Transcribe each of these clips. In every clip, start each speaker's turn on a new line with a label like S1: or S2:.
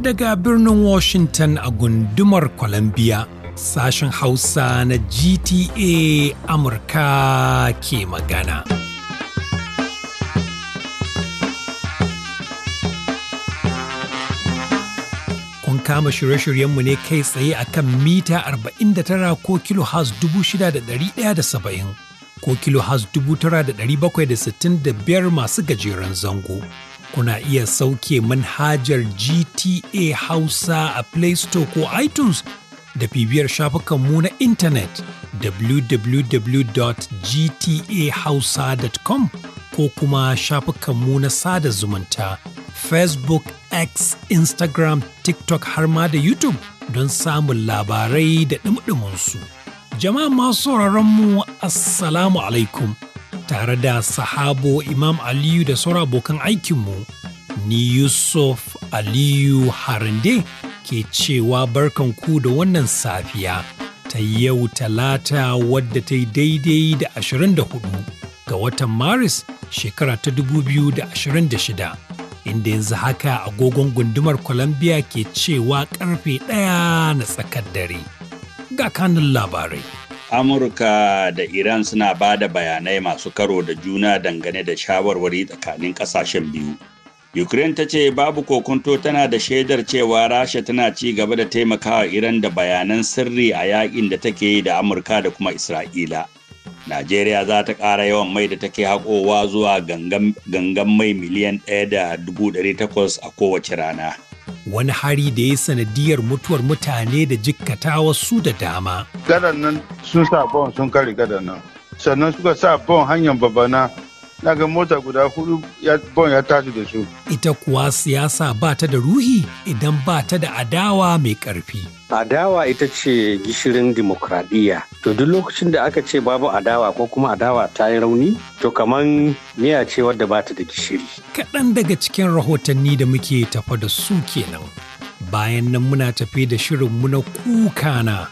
S1: Daga birnin Washington a gundumar Columbia, sashen Hausa na GTA Amurka ke magana. Kun kama shirye-shiryenmu ne kai tsaye akan mita 49 ko kilo 6,170 ko kilo has biyar masu gajeren zango. Kuna iya sauke manhajar GTA Hausa a Play Store ko iTunes da bibiyar shafukanmu na intanet www.gtahausa.com ko kuma shafukanmu na sada zumunta Facebook, X, Instagram, TikTok har ma da YouTube don samun labarai da ɗumɗuminsu. su. Jama'a masu mu Assalamu alaikum tare da sahabo Imam Aliyu da sauran abokan aikinmu ni Yusuf Aliyu Harande ke cewa barkanku da wannan safiya ta yau talata wadda ta yi daidai da 24 ga watan Maris shekara ta 2026 inda yanzu haka agogon gundumar Columbia ke cewa karfe ɗaya na tsakar dare. ga kanun labarai.
S2: Amurka da Iran suna ba da bayanai masu karo da juna dangane da shawarwari tsakanin ƙasashen biyu. Ukraine ta ce babu kokonto tana da shaidar cewa Rasha tana ci gaba da taimakawa Iran da bayanan sirri a yakin da take yi da Amurka da kuma Isra'ila. Najeriya za ta ƙara yawan mai da take haƙowa zuwa gangan mai miliyan ɗaya da dubu ɗari takwas a kowace rana.
S1: wani hari da ya sanadiyar mutuwar mutane da jikkata wasu da dama.
S3: Gadan nan sun sa bon sun kare gadan nan. Sannan suka sa bon hanyar babana na ga mota guda hudu bon ya tashi da su.
S1: Ita kuwa siyasa ba ta da ruhi idan ba
S4: ta da adawa mai ƙarfi. Adawa ita ce gishirin dimokuraɗiyya. To duk lokacin da aka ce babu adawa ko kuma adawa ta yi rauni, to kaman miya ce wadda ba ta da gishiri.
S1: Kaɗan daga cikin rahotanni da muke tafa da su kenan. Bayan nan muna tafi da shirinmu na kukana,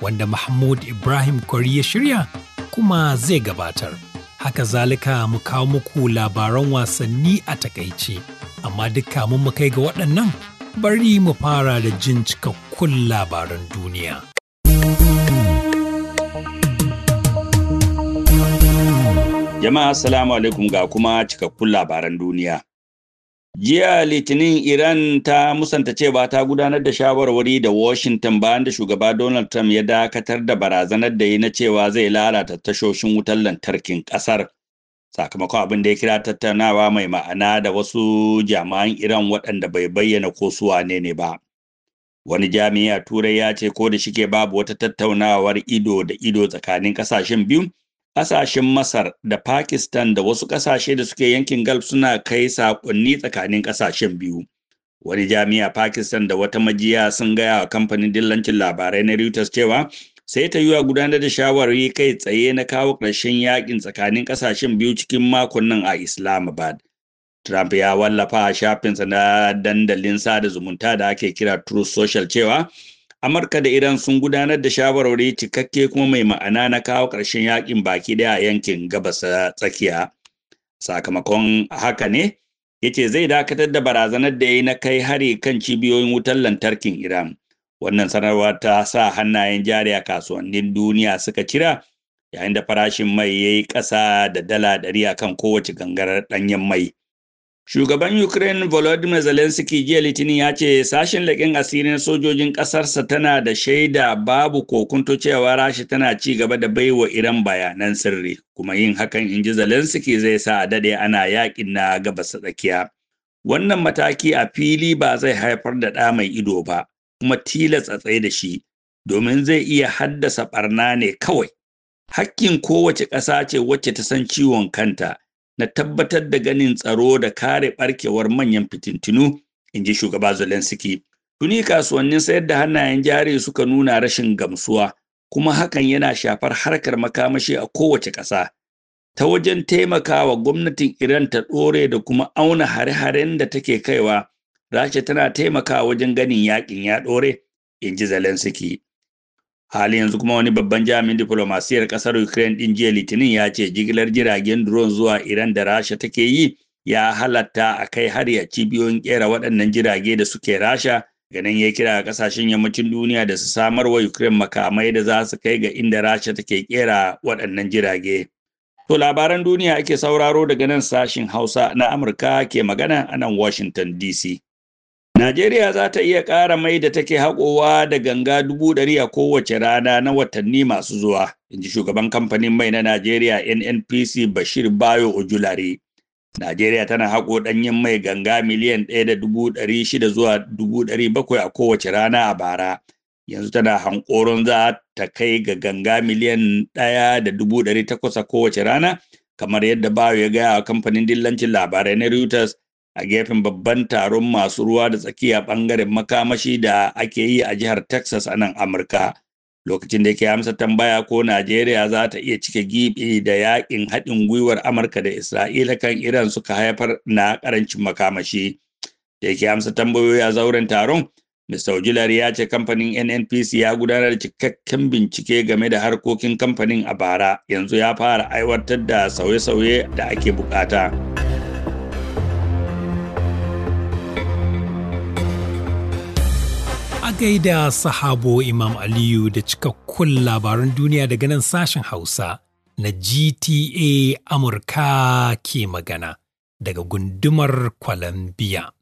S1: wanda Mahmud Ibrahim Kwari ya shirya kuma zai gabatar. haka zalika mu kawo muku labaran wasanni a takaice. Amma duk kamun mu kai ga waɗannan bari mu fara da jin cikakkun labaran duniya.
S2: Jama'a salamu alaikum ga kuma cikakkun labaran duniya. Jiya Litinin Iran ta musanta cewa ta gudanar da shawarwari da Washington bayan da shugaba Donald Trump ya dakatar da barazanar da yi na cewa zai lalata tashoshin wutar lantarkin ƙasar. Sakamakon abin da ya kira tattaunawa mai ma'ana da wasu jami'an Iran waɗanda bai bayyana ko su wane ne ba. Wani jami'a Turai ya ce ko da shike babu wata tattaunawar ido da ido tsakanin ƙasashen biyu, Ƙasashen Masar da Pakistan da wasu ƙasashe da suke yankin Gulf suna kai saƙonni tsakanin ƙasashen biyu. Wani jami'a Pakistan da wata majiya sun gaya wa kamfanin dillancin labarai na Reuters cewa sai ta yiwa gudanar da shawarwari kai tsaye na kawo ƙarshen yaƙin tsakanin ƙasashen biyu cikin makon nan a Islamabad. Trump ya wallafa a shafinsa na dandalin sada zumunta da ake kira Truth Social cewa Amurka da Iran sun gudanar da shawarwari cikakke kuma mai ma'ana na kawo ƙarshen yakin baki da a yankin gabas tsakiya. Sakamakon haka ne, yace zai dakatar da barazanar da ya yi na kai hari kan cibiyoyin wutar lantarkin Iran. Wannan sanarwa ta sa hannayen jari a kasuwannin duniya suka cira yayin da farashin mai ya yi ƙasa da dala ɗari a kan kowace gangarar ɗanyen mai. Shugaban Ukraine Volodymyr Zelensky jiya Litinin ya ce sashen laƙin asirin sojojin ƙasarsa tana da shaida babu kokunto cewa Rasha tana ci gaba da baiwa Iran bayanan sirri, kuma yin hakan inji Zelensky zai sa a daɗe ana yaƙin na gabas tsakiya. Wannan mataki a fili ba zai haifar da ɗa mai ido ba, kuma tilasta tsaye da shi, domin zai iya haddasa ɓarna ne kawai. Hakkin kowace ƙasa ce wacce ta san ciwon kanta, na tabbatar da ganin tsaro da kare barkewar manyan fitintinu in ji shugaba Zelensky. Tuni kasuwannin sayar da hannayen jari suka nuna rashin gamsuwa kuma hakan yana shafar harkar makamashi a kowace ƙasa. Ta wajen taimakawa gwamnatin Iran ta ɗore da kuma auna hare-haren da take kaiwa, Rasha tana taimakawa wajen ganin yakin ya ɗore, in ji Zelensky. Hali yanzu kuma wani babban jami'in diflomasiyyar ƙasar ukraine ɗin jiya litinin ya ce jigilar jiragen drone zuwa iran da rasha take yi ya halatta a kai har ya cibiyoyin kera waɗannan jirage da suke rasha ganin ya kira ƙasashen yammacin duniya da su samar wa ukraine makamai da za su kai ga inda rasha take kera waɗannan jirage to labaran duniya ake sauraro daga nan sashin hausa na amurka ke magana a nan washington dc Najeriya za ta iya ƙara mai da take haƙowa da ganga dubu ɗari a kowace rana na watanni masu zuwa, in ji shugaban kamfanin mai na Najeriya NNPC Bashir Bayo Ojulari. Najeriya tana haƙo ɗanyen mai ganga miliyan ɗaya da dubu ɗari shida zuwa dubu ɗari bakwai a kowace rana a bara. Yanzu tana hankoron za ta kai ga ganga miliyan ɗaya da dubu ɗari takwas a kowace rana, kamar yadda Bayo ya gaya wa kamfanin dillancin labarai na Reuters a gefen babban taron masu ruwa da tsakiya bangaren makamashi da ake yi a jihar Texas a nan Amurka. Lokacin da yake amsa tambaya ko Najeriya za ta iya cike gibi da yakin haɗin gwiwar Amurka da Isra'ila kan Iran suka haifar na karancin makamashi. Da yake amsa tambayoyi a zauren taron, Mr. Ojilar ya ce kamfanin NNPC ya gudanar da cikakken bincike game da harkokin kamfanin a bara, yanzu ya fara aiwatar da sauye-sauye da ake bukata.
S1: gaida sahabo Imam Aliyu da cikakkun labaran duniya daga nan sashen Hausa na GTA Amurka ke magana daga gundumar Columbia.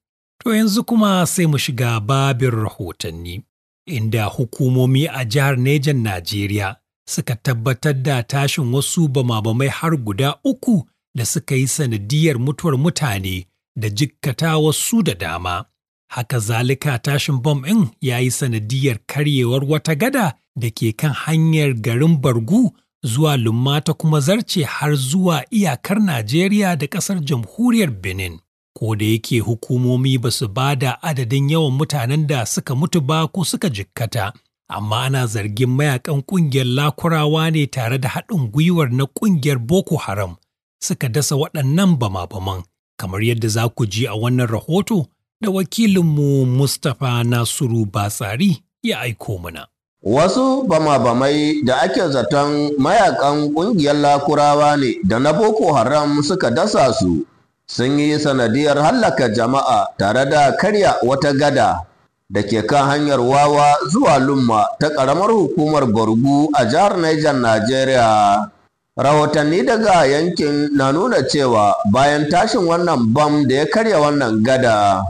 S1: To yanzu kuma sai mu shiga babin rahotanni, inda hukumomi a jihar Nejan Najeriya suka tabbatar da tashin wasu bama-bamai har guda uku da suka yi sanadiyar mutuwar mutane da jikkata wasu da dama. Haka zalika tashin bom ɗin ya yi sanadiyar karyewar wata gada da ke kan hanyar garin Bargu zuwa Lumma ta kuma zarce har zuwa iyakar Najeriya da ƙasar jamhuriyar Benin. Ko da yake hukumomi ba su ba da adadin yawan mutanen da suka mutu ba ko suka jikkata, amma ana zargin mayakan ƙungiyar lakurawa ne tare da haɗin gwiwar na ƙungiyar Boko Haram suka dasa waɗannan bama-baman. Kamar yadda za ku ji a wannan rahoto, da wakilinmu Mustapha Nasiru Batsari
S5: ya aiko mana. Wasu bama-bamai da ake zaton mayakan ƙungiyar lakurawa ne da na Boko Haram suka dasa su sun yi sanadiyar hallaka jama'a tare da karya wata gada da ke kan hanyar wawa zuwa lumma ta ƙaramar hukumar Borgu a jihar Niger, Najeriya. Rahotanni daga yankin na nuna cewa bayan tashin wannan bam da ya karya wannan gada.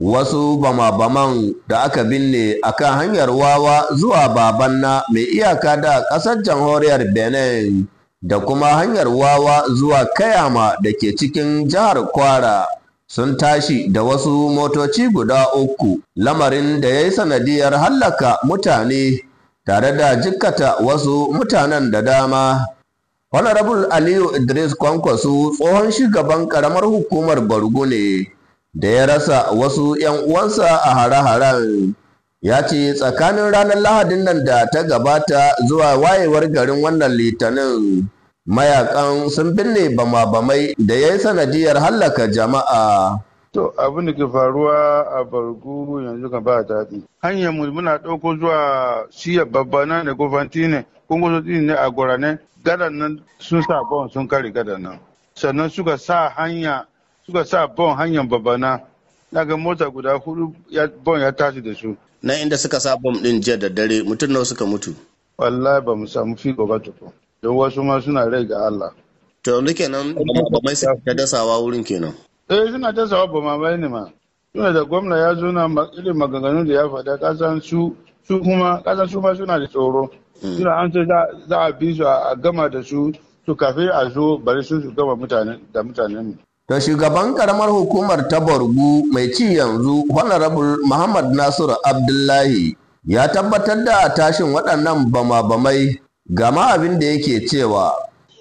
S5: wasu bama-baman da aka binne a kan hanyar wawa zuwa babanna mai iyaka da ƙasar jamhuriyar benin da kuma hanyar wawa zuwa kayama da ke cikin jihar kwara sun tashi da wasu motoci guda uku lamarin da ya yi sanadiyar hallaka mutane tare da jikkata wasu mutanen da dama honorable aliyu idris kwankwaso tsohon shugaban karamar hukumar bargu ne da ya rasa wasu 'yan uwansa a hare-haren ya ce tsakanin ranar lahadin nan da ta gabata zuwa wayewar garin wannan litinin mayakan sun binne bama-bamai da ya yi sanadiyar hallaka
S3: jama'a To abin da ke faruwa a bargu yanzu kan ba daɗi. Hanyar mu muna ɗauko zuwa siya babba na ne gofanti ne, kungosoci ne a gora ne, gadan nan sun sa bon sun kare gadan nan. Sannan suka sa hanya suka sa bon hanyar babana na ga mota guda hudu bon ya tashi da su na inda suka sa bom din jiya da dare mutum nawa suka mutu wallahi ba mu samu fi gaba tuku don wasu ma suna rai ga Allah to yanzu kenan ba mai ta dasawa wurin kenan eh suna dasawa ba mamai ne ma suna da gwamna ya zo na irin maganganun da ya fada kasan su su kuma kasan su ma suna da tsoro hmm. suna an ce za a bi su a gama da su to kafin a zo bari su su gama mutane da mutanen mu
S5: da shugaban karamar hukumar ta borgu mai ci yanzu honorable muhammad nasiru abdullahi ya tabbatar da tashin waɗannan bama-bamai gama abin da yake cewa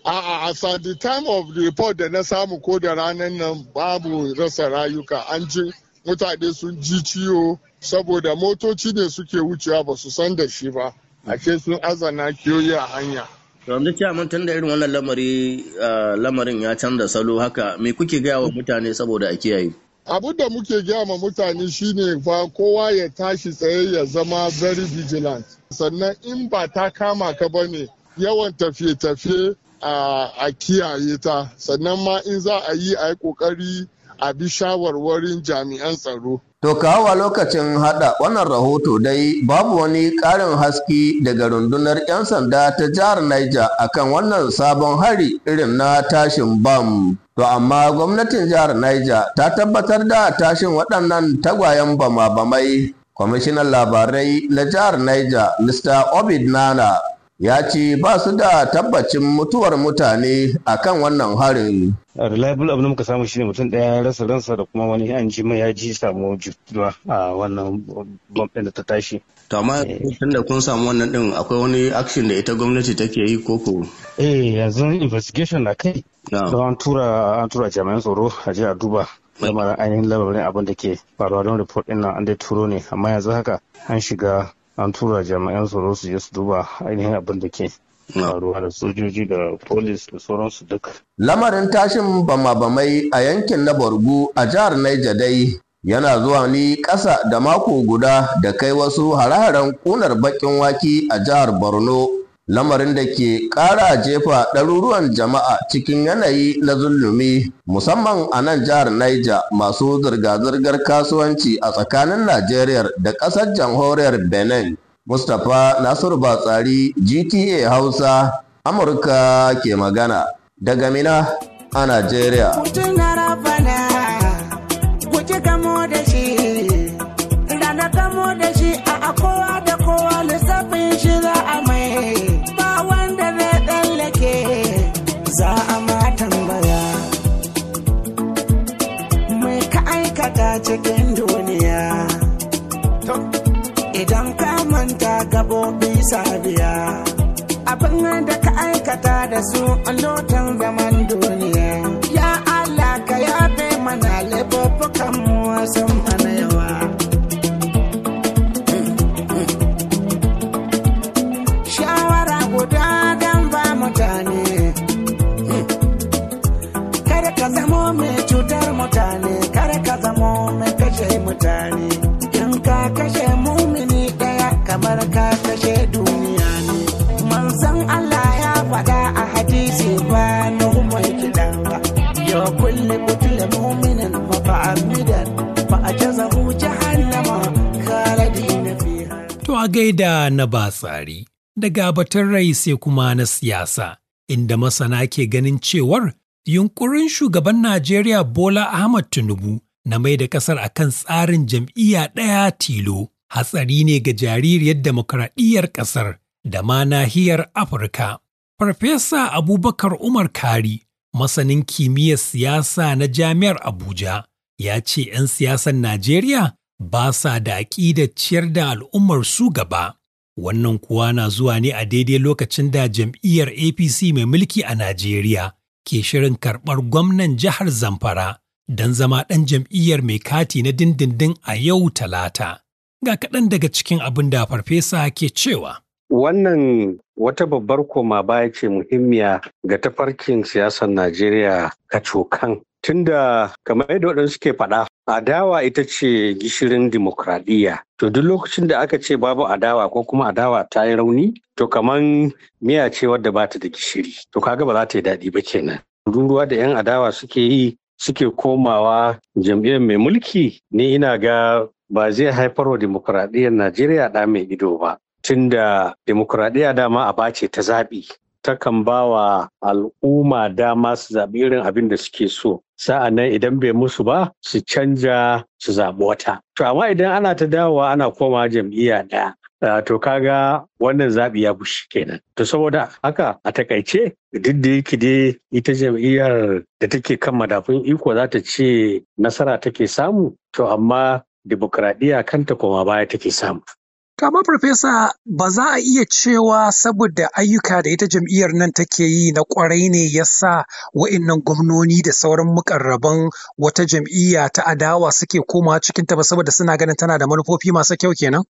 S6: A'a, a at the time of the report da na samu ko da ranar nan babu rasa rayuka an ji mutane sun ji ciwo saboda motoci ne suke wucewa ba su san da shi ba ashe sun azana kiyoyi a hanya
S5: yanzu ciyaman tun da irin wannan lamari lamarin ya canza salo haka me kuke gaya wa mutane saboda a kiyaye
S6: Abun da muke gaya ma mutane shine fa kowa ya tashi tsaye ya zama very vigilant sannan in ba ta kama ka bane yawan tafiye-tafiye a kiyaye ta sannan ma in za a yi a yi kokari a bi shawarwarin jami'an tsaro
S5: To kawo lokacin hada wannan rahoto dai babu wani ƙarin haski daga rundunar 'yan sanda ta jihar Niger akan wannan sabon hari irin na tashin bam. To amma gwamnatin jihar Niger ta tabbatar da tashin waɗannan tagwayen bama-bamai. Kwamishinan labarai na jihar Niger, Mr. Obid Nana, ya ce ba su da tabbacin mutuwar mutane a kan wannan harin. reliable abin da muka samu shine mutum
S4: ɗaya rasa ransa da kuma wani an ji ya ji samu jituwa a wannan bomb da
S5: ta tashi. to amma eh. tun da kun samu wannan din akwai wani action da ita gwamnati take yi ko ko.
S4: eh yanzu investigation na kai.
S5: an tura an tura jami'an tsoro a je
S4: a duba lamarin ainihin labarin abin da ke faruwa don report ɗin nan an dai turo ne amma yanzu haka
S5: an shiga an tura jami'an tsaro su je su duba ainihin abin da ke ruwa da sojoji da polis da sauransu duk. Lamarin tashin bama-bamai a yankin na Borgu a jihar Niger dai yana zuwa ni ƙasa da mako guda da kai wasu hare-haren ƙunar baƙin waki a jihar Borno lamarin da ke ƙara jefa ɗaruruwan jama'a cikin yanayi na zulumi musamman a nan jihar Niger masu zirga-zirgar kasuwanci a tsakanin Najeriya da ƙasar jamhuriyar Benin. Mustapha Nasiru Batsari GTA Hausa Amurka ke magana daga Mina a Najeriya.
S7: sabiya abin da ka aikata da su a lotan zaman duniya ya Allah ka yafe mana laifuffukan mu sun mana yawa shawara guda dan ba mutane kada ka zamo mai
S1: a gaida na batsari daga batun rai sai kuma na siyasa inda masana ke ganin cewar yunkurin shugaban Najeriya Bola Ahmad Tinubu na mai da kasar kan tsarin jam'iyya ɗaya tilo hatsari ne ga jaririyar demokradiyyar kasar da ma nahiyar Afirka. Farfesa Abubakar Umar Kari, masanin kimiyyar siyasa na Jami'ar Abuja, ya ce 'yan siyasar Najeriya ba sa da aƙidar ciyar da al'ummar su gaba. Wannan kuwa na zuwa ne a daidai lokacin da jam'iyyar APC mai mulki a Najeriya ke shirin karɓar gwamnan jihar Zamfara don zama ɗan jam'iyyar mai kati na dindindin a yau talata. Ga kaɗan daga cikin abin da farfesa ke cewa.
S4: Wannan wata babbar koma baya ce muhimmiya ga tafarkin siyasar Najeriya kacokan. Tunda kamar yadda waɗansu suke faɗa Adawa ita ce gishirin dimokuraɗiyya. To duk lokacin da aka ce babu adawa ko kuma adawa ta yi rauni, to kaman miya ce wadda ba ta da gishiri. To kaga ba za ta yi daɗi ba kenan. Ruruwa da 'yan adawa suke yi suke komawa jam'iyyar mai mulki ni ina ga ba zai haifar wa dimokuraɗiyyar Najeriya ɗa mai ido ba. Tunda dimokuraɗiyya dama a bace ta zaɓi. Takan ba wa al'umma dama su zaɓi irin abin da suke so. Sa'a nan idan bai musu ba su canja su zaɓi wata. To amma idan ana ta dawowa ana koma jam'iyya ɗaya. to kaga wannan zaɓi ya bushe kenan. To saboda haka a takaice duk da yake dai ita jam'iyyar da take kan madafun iko za ta ce nasara take samu to amma dimokuraɗiyya kanta koma baya take samu.
S1: To amma farfesa ba za a iya cewa saboda ayyuka da ita jam'iyyar nan take yi na kwarai ne ya sa wa'innan gwamnoni da sauran muƙarraban wata jam'iyya ta adawa suke komawa cikinta ba saboda suna ganin tana da manufofi masu kyau kenan?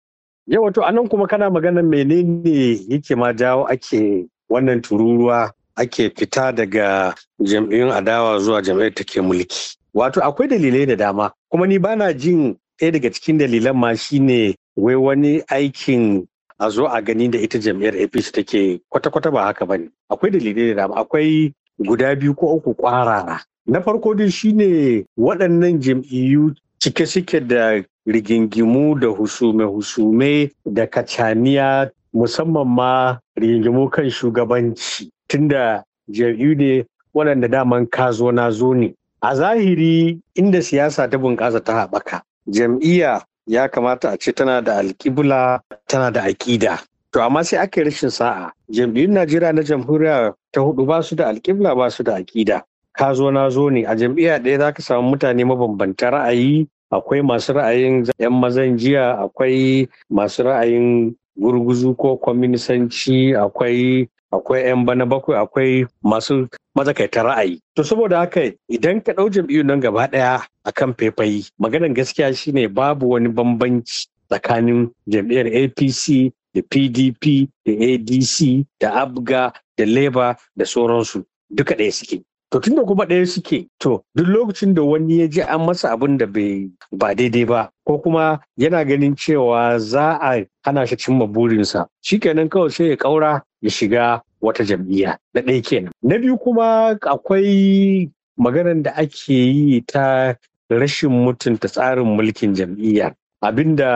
S4: Yawa to anan kuma kana magana menene yake ma jawo ake wannan tururuwa ake fita daga jam'iyyun adawa zuwa jam'iyyar take mulki. Wato akwai dalilai da dama kuma ni bana jin ɗaya daga cikin dalilan ma shine wai wani aikin a zo a gani da ita jam'iyyar apc take kwata-kwata ba haka bane akwai dalilai da dama akwai guda biyu ko uku kwarara na farko dai shine waɗannan jam'iyyu cike suke da rigingimu da husume-husume da kacaniya musamman ma rigingimu kan shugabanci tunda jam'iyyu ne waɗanda daman ka zo na zo ne a zahiri inda siyasa ta bunƙasa ta haɓaka jam'iyya ya kamata a ce tana da alƙibla tana da aƙida to amma sai aka rashin sa'a jam'iyyun najeriya na jamhuriya ta hudu ba su da alƙibla ba su da aƙida ka zo na zo ne a jam'iyya ɗaya za ka samu mutane mabambanta ra'ayi akwai masu ra'ayin 'yan mazan jiya akwai masu ra'ayin gurguzu ko kwaminisanci akwai akwai 'yan bana bakwai akwai masu matsakaitar ra'ayi. To saboda haka idan ka ɗau jam'iyyu nan gaba ɗaya a kan faifayi maganar gaskiya shine babu wani bambanci tsakanin jam'iyyar APC da PDP da ADC da ABGA da Labour da sauransu duka ɗaya suke. To tunda kuma ɗaya suke to duk lokacin da wani ya ji an masa abin da bai ba daidai ba ko kuma yana ganin cewa za a hana shi cimma burinsa Shi shikenan kawai sai ya ƙaura. ya shiga wata jam'iyya na ɗaya kenan na biyu kuma akwai maganar da ake yi ta rashin mutunta tsarin mulkin jam'iyya abinda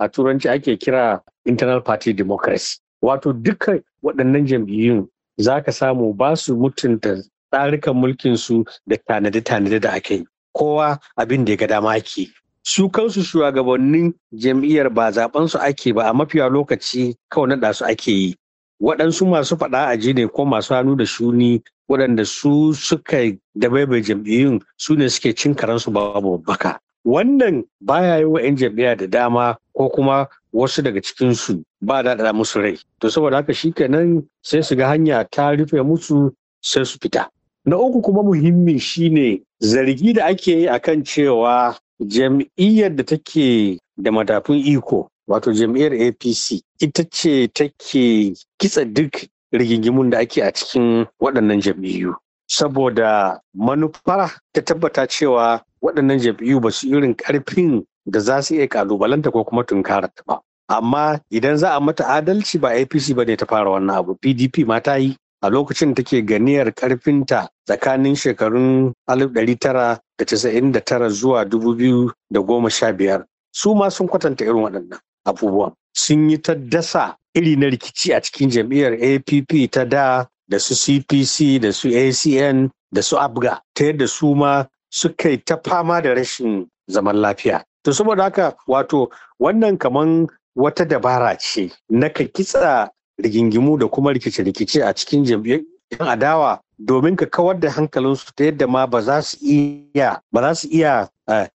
S4: a turanci ake kira internal party democracy wato duka waɗannan jam'iyyun za ka samu ba su mutunta tsarukan mulkinsu da tanadi tanade da ake yi kowa abin da ya ga dama ake su kansu shugabannin jam'iyyar ba zaɓensu su ake ba a mafiya lokaci kawai naɗa su ake yi waɗansu masu faɗa a ne ko masu hannu da shuni waɗanda su suka dabaibai jam'iyyun su ne suke cin karansu babu baka wannan baya yi wa 'yan jam'iyya da dama ko kuma wasu daga cikinsu ba da musu rai to saboda haka shi kenan sai su ga hanya ta rufe musu sai su fita na uku kuma muhimmi shine zargi da ake yi akan cewa jam'iyyar da take da matafin iko wato jam'iyyar apc ita ce take kitsa duk rigingimun da ake a cikin waɗannan jam'iyyu saboda manufa ta tabbata cewa waɗannan jam'iyyu ba su irin ƙarfin da za su iya ƙalubalanta ko kuma tunkarar ta ba amma idan za a mata adalci ba apc ba ne ta fara wannan abu pdp ma ta yi a lokacin take ganiyar karfinta tsakanin shekarun 1999 zuwa 2015 su ma sun kwatanta irin waɗannan abubuwan sun yi ta dasa iri na rikici a cikin jam'iyyar app ta da da su cpc da su acn da su abga ta yadda su ma suka yi ta fama da rashin zaman lafiya to saboda haka wato wannan kaman wata dabara ce na ka kitsa rigingimu da kuma rikice-rikice a cikin jam'iyyar adawa domin ka kawar da hankalinsu ta yadda ma ba za su iya ba za eh,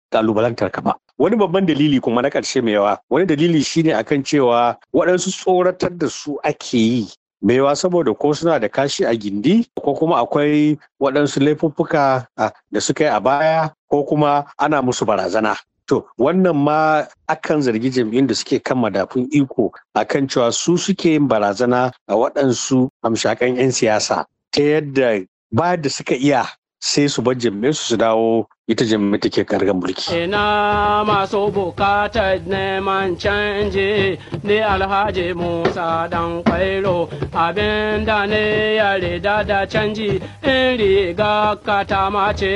S4: ka ba wani babban dalili kuma na ƙarshe mai yawa wani dalili shine akan cewa waɗansu tsoratar da su ake yi mai yawa saboda ko suna da kashi a gindi ko kuma akwai waɗansu laifuffuka ah, da suka yi a baya ko kuma ana musu barazana To wannan ma akan zargi jam'iyyun da suke kan madafun iko akan cewa su suke yin barazana a waɗansu amshakan 'yan siyasa ta yadda ba da suka iya sai su bar su su dawo ita jami take kargan mulki.
S8: Ina masu bukatar neman canji ni alhaji Musa dan kwairo abin da ne ya rida da canji in riga katama ce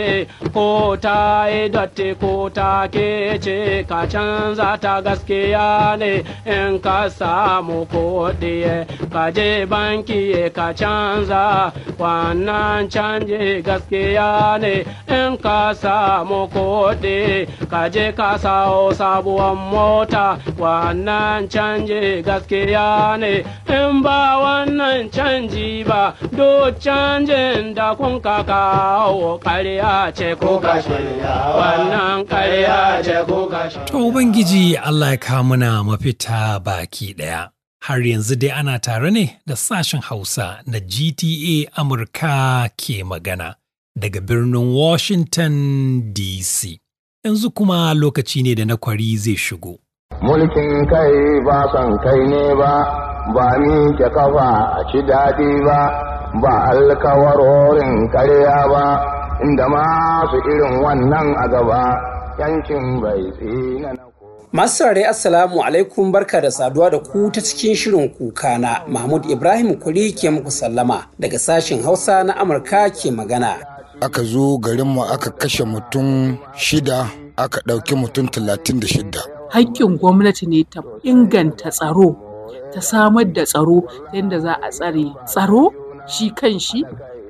S8: ko ta yi dotti ko ta ke ce ka canza ta gaskiya ne in ka samu kuɗi ka je banki ka canza wannan canji gaskiya ne in ka samu mu kaje ka je ka sawo sabuwan mota wannan canji gaskiya ne in ba wannan canji ba do canjin da kun ka kawo ƙarya ce ko ka shirya wannan ƙarya ce ko ka shirya.
S1: To Ubangiji Allah ya kawo muna mafita baki ɗaya. har yanzu dai ana tare ne da sashen Hausa na GTA Amurka ke magana daga birnin Washington DC. Yanzu kuma lokaci ne da na kwari zai shigo.
S9: Mulkin kai ba son kai ne ba, ba ni ke kafa a ci daɗi ba, ba alkawarorin karya ba, inda masu irin wannan a gaba, yankin bai tsina na
S8: Masu sarari Assalamu alaikum barka da saduwa da ku ta cikin shirin kuka na Mahmud Ibrahim Kuri ke muku sallama daga sashen Hausa na Amurka ke magana.
S6: aka zo garinmu aka kashe mutum shida aka ɗauki mutum talatin da shida.
S10: hakkin gwamnati ne ta inganta tsaro, ta samar da tsaro yadda za a tsare tsaro shi kan shi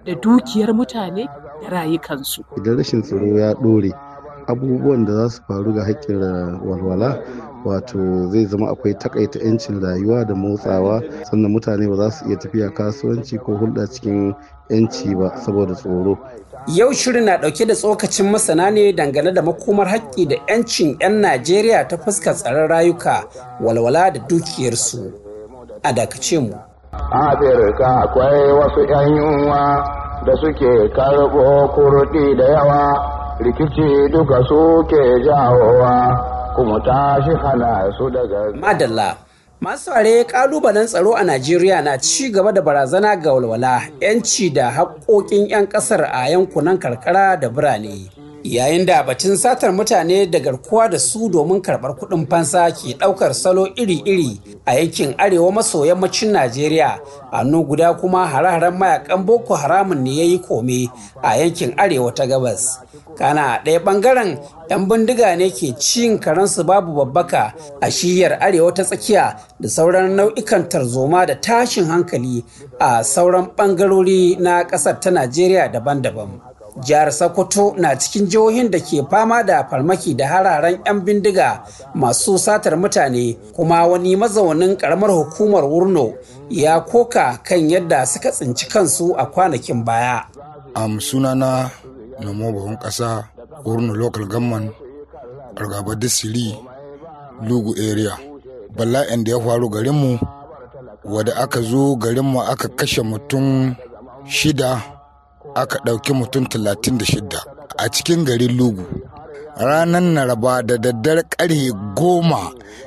S10: da dukiyar mutane da rayukansu.
S11: Idan rashin tsaro ya ɗore abubuwan da za su faru ga haƙƙin walwala wato zai zama akwai takaita 'yancin rayuwa da motsawa sannan mutane ba za su iya tafiya kasuwanci ko hulɗa cikin 'yanci ba saboda tsoro
S8: Yau shirin na ɗauke da tsokacin masana ne dangane da makomar haƙƙi da 'yancin 'yan Najeriya ta fuska tsaron rayuka, walwala da dukiyarsu. A dakace mu. Afirka
S9: akwai wasu 'yan yunwa da suke karɓo kurɗi da yawa, rikici duka suke jawowa, kuma tashi hana su daga.
S10: Madalla.
S8: Masu ware kalubalen tsaro a Najeriya na ci gaba da barazana ga walwala, 'yanci da haƙoƙin 'yan ƙasar a yankunan karkara da birane. yayin da batun satar mutane da garkuwa da su domin karɓar kuɗin fansa ke ɗaukar salo iri-iri a yankin arewa maso yammacin najeriya hannu guda kuma hare-haren mayakan boko haramun ne ya yi kome a yankin arewa ta gabas kana ɗaya ɓangaren 'yan bindiga ne ke cin karansu babu babbaka a shiyar arewa ta tsakiya da sauran nau'ikan tarzoma da tashin hankali a sauran ɓangarori na ƙasar ta najeriya daban-daban jihar sokoto na cikin jihohin da ke fama da farmaki da hararen 'yan bindiga masu satar mutane kuma wani mazaunin karamar hukumar wurno ya koka kan yadda suka tsinci kansu a kwanakin baya
S6: am sunana na mabuhun kasa wurno local government argaba disili lugu area bala'in da ya faru garinmu wadda aka zo garinmu aka kashe mutum shida aka ɗauki mutum 36 a cikin garin lugu ranar naraba da daddare karhe goma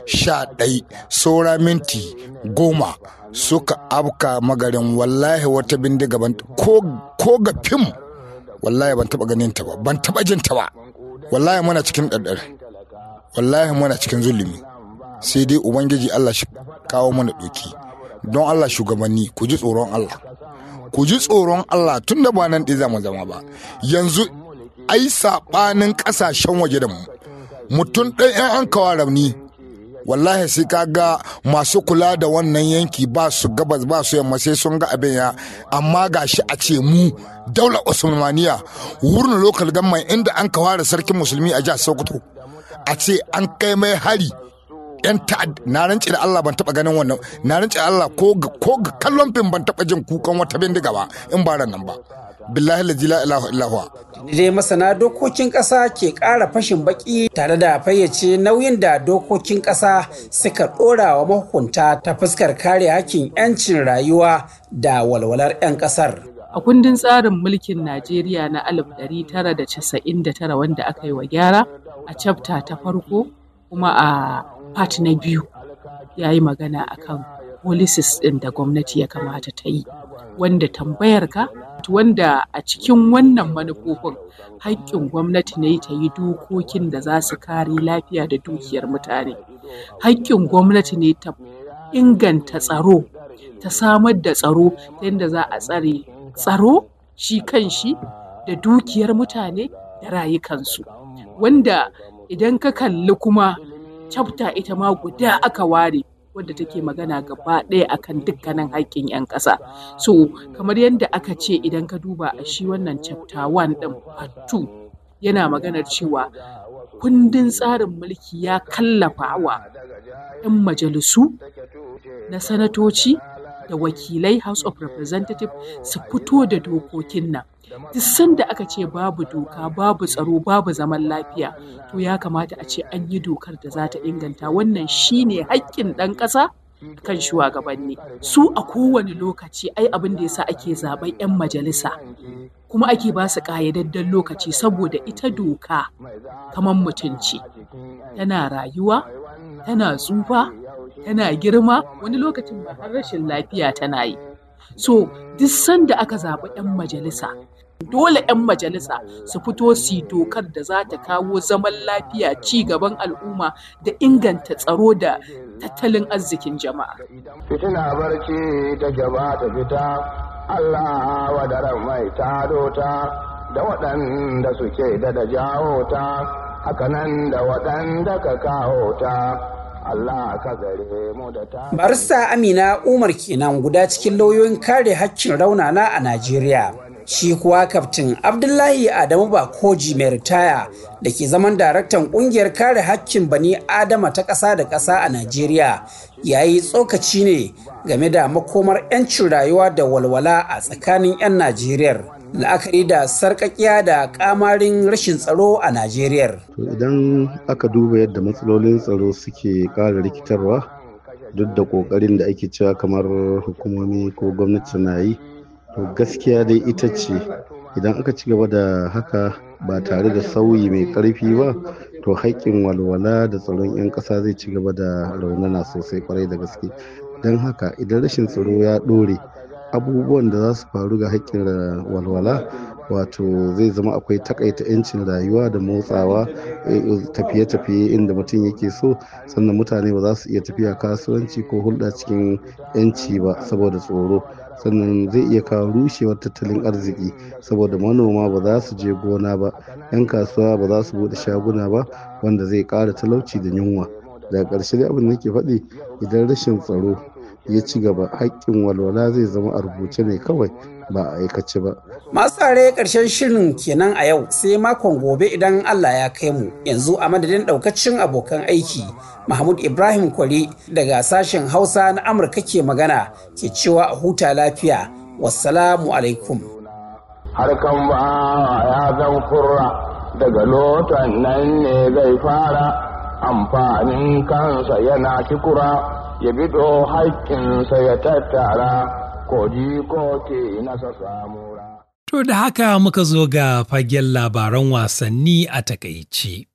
S6: sha ɗai saura minti goma suka afka magarin wallahi wata bindiga ko ga fim wallahi ban taba ganin ta ba ban taba jin ta ba wallahi muna cikin ɗaɗɗar wallahi muna cikin zulumi sai dai ubangiji allah shi kawo mana ɗoki don allah shugabanni ku ji tsoron allah ku ji tsoron Allah tun da ba nan ɗi zamu zama ba yanzu ai saɓanin ƙasashen waje da mu mutum ɗan yan an kawo rauni wallahi sai ka ga masu kula da wannan yanki ba su gabas ba su yamma sai sun ga abin ya amma gashi a ce mu daular osmaniya wurin lokal gama inda an kawara sarkin musulmi a jihar sokoto a ce an kai mai hari yan ta'ad na rance da Allah ban taba ganin wannan na rance Allah ko ga ko ga kallon fim ban taba jin kukan wata bindiga ba
S8: in ba nan ba billahi la ilaha illallah dai masana dokokin kasa ke ƙara fashin baki tare da fayyace nauyin da dokokin kasa suka dora wa mahukunta ta fuskar kare hakkin 'yancin rayuwa da walwalar 'yan kasar
S10: a kundin tsarin mulkin Najeriya na 1999 wanda aka yi wa gyara a chapter ta farko kuma a part na biyu ya yi magana akan policies ɗin da gwamnati ya kamata ta yi wanda tambayar ka wanda a cikin wannan manufofin haƙƙin gwamnati ne ta yi dokokin da za su kare lafiya da dukiyar mutane haƙƙin gwamnati ne ta inganta tsaro ta samar da tsaro ta yadda za a tsare tsaro shi kan shi da dukiyar mutane da rayukansu wanda idan ka kalli kuma chapter ita ma guda aka ware wadda take magana gaba ɗaya akan dukkanin haƙƙin 'yan ƙasa so kamar yadda aka ce idan ka duba a shi wannan chapter 1 ɗin part 2 yana maganar cewa kundin tsarin mulki ya kallafa wa 'yan majalisu na sanatoci da wakilai House of Representatives su fito da dokokin nan. Duk sanda aka ce babu doka, babu tsaro, babu zaman lafiya, to ya kamata a ce an yi dokar da za ta inganta wannan shine hakkin ɗan ƙasa kan shugabanni. Su a kowane lokaci ai abin da yasa ake zaɓen 'yan majalisa. kuma ake ba su ƙayyadadden lokaci saboda ita doka kamar mutunci tana rayuwa tana tsufa tana girma wani lokacin ba har rashin lafiya tana yi so duk sanda aka zaɓi 'yan majalisa dole 'yan majalisa su fito su dokar da za ta kawo zaman lafiya ci gaban al'umma da inganta tsaro da tattalin arzikin jama'a.
S9: Fitina barci ta gaba ta fita, Allah wadaran mai ta dota da waɗanda suke da da jawo ta, hakanan da waɗanda ka kawo ta.
S8: Barista Amina Umar kenan guda cikin lauyoyin kare haƙƙin raunana a Najeriya. Shi kuwa kaftin Abdullahi Adamu Bakoji mai ritaya da ke zaman daraktan ƙungiyar kare haƙƙin bani Adama ta ƙasa da ƙasa a Najeriya ya yi tsokaci ne game da makomar 'yancin rayuwa da walwala a tsakanin 'yan Najeriya. la'akari da sarkakiya da kamarin rashin tsaro a Najeriya.
S11: To idan aka duba yadda matsalolin tsaro suke ƙara rikitarwa duk da ƙoƙarin da ake cewa kamar hukumomi ko gwamnati na yi, to gaskiya dai ita ce idan aka ci gaba da haka ba tare da sauyi mai ƙarfi ba to haƙƙin walwala da tsaron 'yan ƙasa zai ci gaba da raunana sosai kwarai da gaske don haka idan rashin tsaro ya ɗore abubuwan da za su faru ga haƙƙin walwala wato zai zama akwai takaita 'yancin rayuwa da motsawa eh, tafiye-tafiye inda mutum yake so sannan mutane ba za su iya tafiya kasuwanci ko hulɗa cikin 'yanci ba saboda tsoro sannan zai iya kawo rushewar tattalin arziki saboda manoma ba za su je gona ba 'yan kasuwa ba za su buɗe shaguna ba wanda zai ƙara talauci da yunwa daga ƙarshe dai abin da nake faɗi idan rashin tsaro ya ci gaba haƙƙin walwala zai zama a rubuce ne kawai ba a aikace ba.
S8: Masu tsare ƙarshen shirin kenan a yau sai makon gobe idan Allah ya kai mu yanzu a madadin ɗaukacin abokan aiki Mahmud Ibrahim Kwari daga sashen Hausa na Amurka ke magana ke cewa a huta lafiya wassalamu alaikum.
S9: Harkan ba ya zan kurra daga lotan nan ne zai fara amfanin kansa yana kikura. ya bido haƙƙinsa ya tattara ji ko ke nasa samura.
S1: To da haka muka zo ga fagen labaran wasanni a takaici.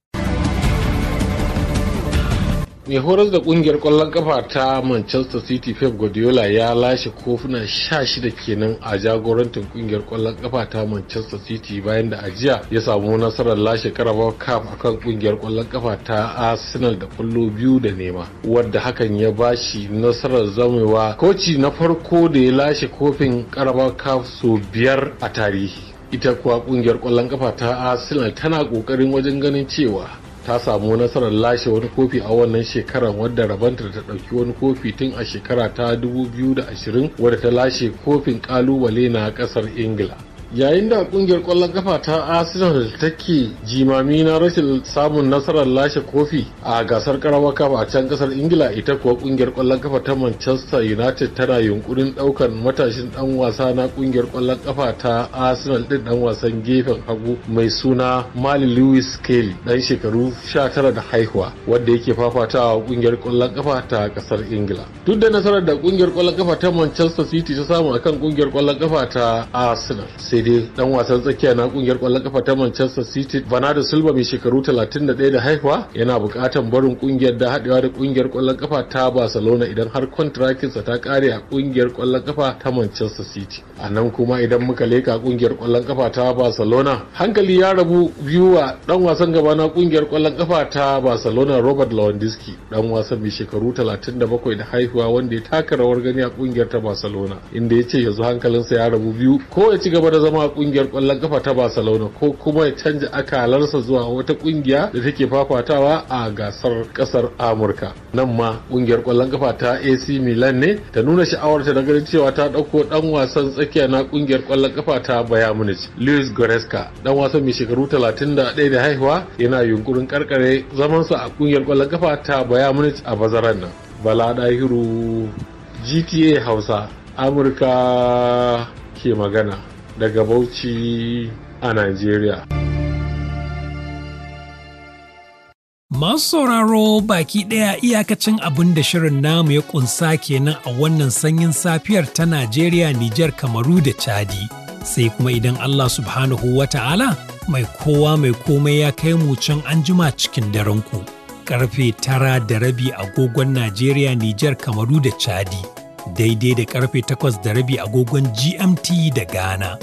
S12: mai horar da kungiyar kwallon kafa ta manchester city pep guardiola ya lashe kofuna 16 kenan a jagorantar kungiyar kwallon kafa ta manchester city bayan da ajiya ya samu nasarar lashe karabar cup akan kungiyar kwallon kafa ta arsenal da kwallo biyu da nema wadda hakan ya ba shi nasarar zamewa koci na farko da ya lashe kofin karabar cup sau biyar a tarihi ita kuwa kungiyar kwallon kafa ta arsenal tana kokarin wajen ganin cewa ta samu nasarar lashe wani kofi a wannan shekarar wadda rabanta ta ɗauki wani kofi tun a shekara ta 2020 wadda ta lashe kofin ƙalubale na ƙasar ingila yayin da kungiyar kwallon kafa ta arsenal take jimami na rashin samun nasarar lashe kofi a gasar karamar kafa a can kasar ingila ita kuwa kungiyar kwallon kafa ta manchester united tana yunkurin daukan matashin dan wasa na kungiyar kwallon kafa ta arsenal din dan wasan gefen hagu mai suna mali lewis kelly dan shekaru 19 da haihuwa wadda yake fafatawa kungiyar kwallon kafa ta kasar ingila duk da nasarar da kungiyar kwallon kafa ta manchester city ta samu akan kungiyar kwallon kafa ta arsenal sai daidai dan wasan tsakiya na kungiyar kwallon kafa ta Manchester City Bernardo Silva mai shekaru 31 da haihuwa yana bukatan barin kungiyar da haɗewa da kungiyar kwallon kafa ta Barcelona idan har kontrakinsa ta kare a kungiyar kwallon kafa ta Manchester City. A nan kuma idan muka leka kungiyar kwallon kafa ta Barcelona hankali ya rabu biyu wa dan wasan gaba na kungiyar kwallon kafa ta Barcelona Robert Lewandowski dan wasan mai shekaru 37 da haihuwa wanda ya taka rawar gani a kungiyar ta Barcelona inda ya ce yanzu hankalinsa ya rabu biyu ko ya ci gaba da zama zama kungiyar kwallon kafa ta Barcelona ko kuma ya canja akalarsa zuwa wata kungiya da take fafatawa a gasar kasar Amurka nan ma kungiyar kwallon kafa ta AC Milan ne ta nuna sha'awarta da ganin cewa ta dauko dan wasan tsakiya na kungiyar kwallon kafa ta Bayern Munich Luis Goretzka dan wasan mai shekaru 31 da haihuwa yana yunkurin karkare zamansa a kungiyar kwallon kafa ta Bayern Munich a bazaran nan Bala Dahiru GTA Hausa Amurka ke magana daga Bauchi a Najeriya.
S1: Masu sauraro baki ɗaya iyakacin abin da shirin namu ya ƙunsa kenan a wannan sanyin safiyar ta Najeriya, Nijar, Kamaru da Chadi. Sai kuma idan Allah subhanahu wa ta'ala mai kowa mai komai ya kai mu can anjima cikin daren ku. Karfe tara da rabi agogon Najeriya, Nijar, Kamaru da Chadi. daidai da karfe takwas da rabi agogon GMT da Ghana.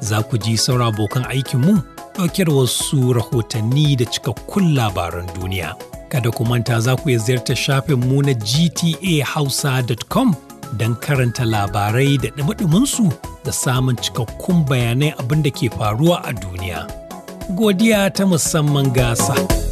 S1: Za ku ji saura abokan aikinmu ɗaukar wasu rahotanni da cikakkun labaran duniya. Kada ku manta za ku iya ziyartar shafin mu na gtahausa.com don karanta labarai da ɗumaɗuminsu da samun cikakkun bayanai abin da ke faruwa a duniya. Godiya ta musamman gasa.